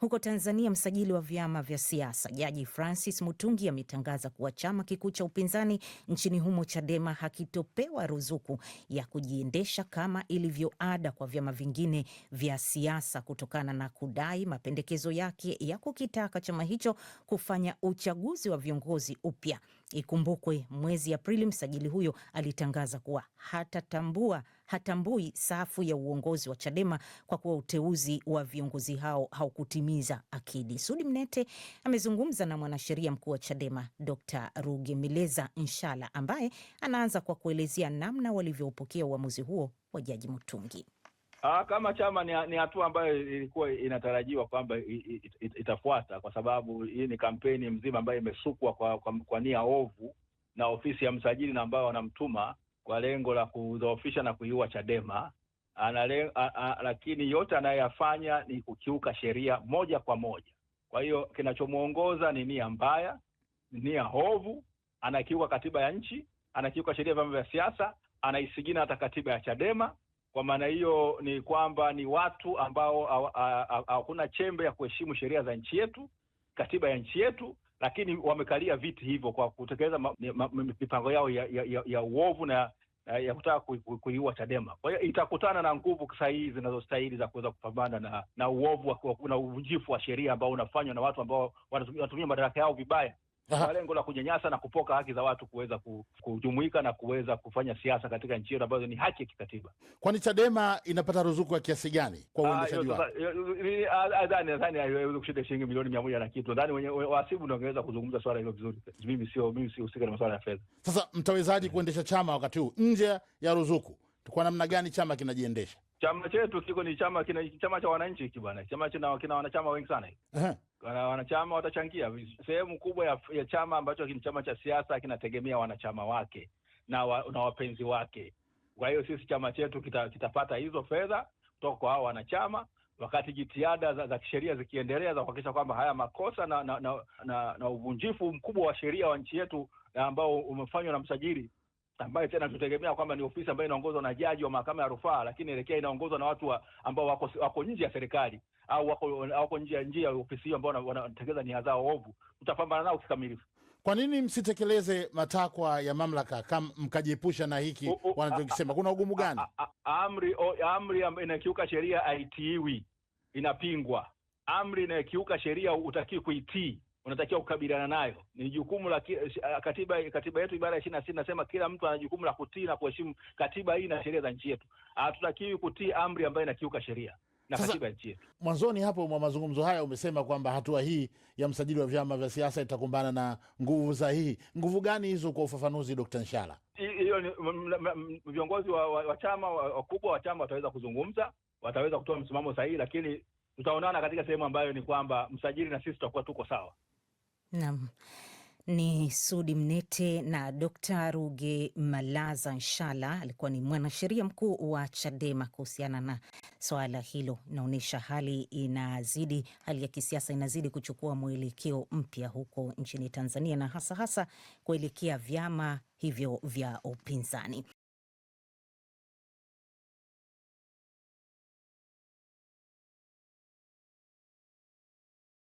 Huko Tanzania, msajili wa vyama vya siasa Jaji Francis Mutungi ametangaza kuwa chama kikuu cha upinzani nchini humo Chadema hakitopewa ruzuku ya kujiendesha kama ilivyoada kwa vyama vingine vya siasa kutokana na kudai mapendekezo yake ya kukitaka chama hicho kufanya uchaguzi wa viongozi upya. Ikumbukwe mwezi Aprili msajili huyo alitangaza kuwa hatatambua hatambui safu ya uongozi wa Chadema kwa kuwa uteuzi wa viongozi hao haukutimiza akidi. Sudi Mnete amezungumza na mwanasheria mkuu wa Chadema Dr mileza Nshala ambaye anaanza kwa kuelezea namna walivyopokea uamuzi huo wa Jaji Mutungi. Ah, kama chama ni, ni hatua ambayo ilikuwa inatarajiwa kwamba it, it, itafuata kwa sababu hii ni kampeni mzima ambayo imesukwa kwa, kwa, kwa nia ovu na ofisi ya msajili na ambao wanamtuma kwa lengo la kudhoofisha na kuiua Chadema anale, a, a, lakini yote anayoyafanya ni kukiuka sheria moja kwa moja. Kwa hiyo kinachomwongoza ni nia mbaya, nia hovu, anakiuka katiba ya nchi, anakiuka sheria ya vyama vya siasa, anaisigina hata katiba ya Chadema kwa maana hiyo ni kwamba ni watu ambao hakuna chembe ya kuheshimu sheria za nchi yetu, katiba ya nchi yetu, lakini wamekalia viti hivyo kwa kutekeleza mipango yao ya, ya, ya, ya uovu na ya kutaka kuiua Chadema. Kwa hiyo itakutana na nguvu sahihi zinazostahili za kuweza kupambana na na uovu na uvunjifu wa sheria ambao unafanywa na watu ambao wanatumia madaraka yao vibaya kwa lengo la kunyanyasa na kupoka haki za watu kuweza kujumuika na kuweza kufanya siasa katika nchi yetu ambazo ni haki ya kikatiba. Kwani Chadema inapata ruzuku ya kiasi gani kwa ah, uendeshaji ah, Nadhani haiwezi kushinda shilingi milioni mia moja na kitu. Nadhani wahasibu ndio wangeweza kuzungumza swala hilo vizuri. Mimi sio mimi sihusika na masuala ya fedha. Sasa mtawezaji mm. kuendesha chama wakati huu nje ya ruzuku, kwa namna gani chama kinajiendesha? Chama chetu kiko ni chama kina, chama cha wananchi hiki bwana, chama kina wanachama wengi sana hiki wanachama watachangia sehemu kubwa ya, ya chama ambacho ni chama cha siasa kinategemea wanachama wake na, wa, na wapenzi wake. Kwa hiyo sisi chama chetu kita, kitapata hizo fedha kutoka kwa hao wanachama, wakati jitihada za, za kisheria zikiendelea za kuhakikisha kwamba haya makosa na, na, na, na, na uvunjifu mkubwa wa sheria wa nchi yetu ambao umefanywa na msajili ambayo tena tutegemea kwamba ni ofisi ambayo inaongozwa na jaji wa mahakama ya rufaa, lakini elekea inaongozwa na watu wa, ambao wako, wako nje ya serikali au wako, wako nje ya njia ya ofisi hiyo ambao wanatekeleza nia zao ovu, tutapambana nao kikamilifu. Kwa nini msitekeleze matakwa ya mamlaka kama mkajiepusha na hiki wanachokisema? Kuna ugumu gani? Amri amri inayokiuka sheria haitiiwi, inapingwa. Amri inayokiuka sheria hutakiwi kuitii unatakiwa kukabiliana nayo. Ni jukumu la eh, eh, katiba, katiba yetu ibara ya ishirini na sita inasema kila mtu ana jukumu la kutii na kuheshimu katiba hii na sheria za nchi yetu. Hatutakiwi kutii amri ambayo inakiuka sheria na sasa, katiba ya nchi yetu. Mwanzoni hapo mwa mazungumzo haya umesema kwamba hatua hii ya msajili wa vyama vya siasa itakumbana na nguvu sahihi. Nguvu gani hizo kwa ufafanuzi, Dkt. Nshala? Hiyo ni viongozi wa, wa, wa chama wakubwa wa chama wataweza kuzungumza, wataweza kutoa msimamo sahihi, lakini tutaonana katika sehemu ambayo ni kwamba msajili na sisi tutakuwa tuko sawa. Naam. Ni Sudi Mnete na Dr. Ruge Malaza Nshala alikuwa ni mwanasheria mkuu wa Chadema kuhusiana na swala hilo. Inaonyesha hali inazidi, hali ya kisiasa inazidi kuchukua mwelekeo mpya huko nchini Tanzania, na hasa hasa kuelekea vyama hivyo vya upinzani.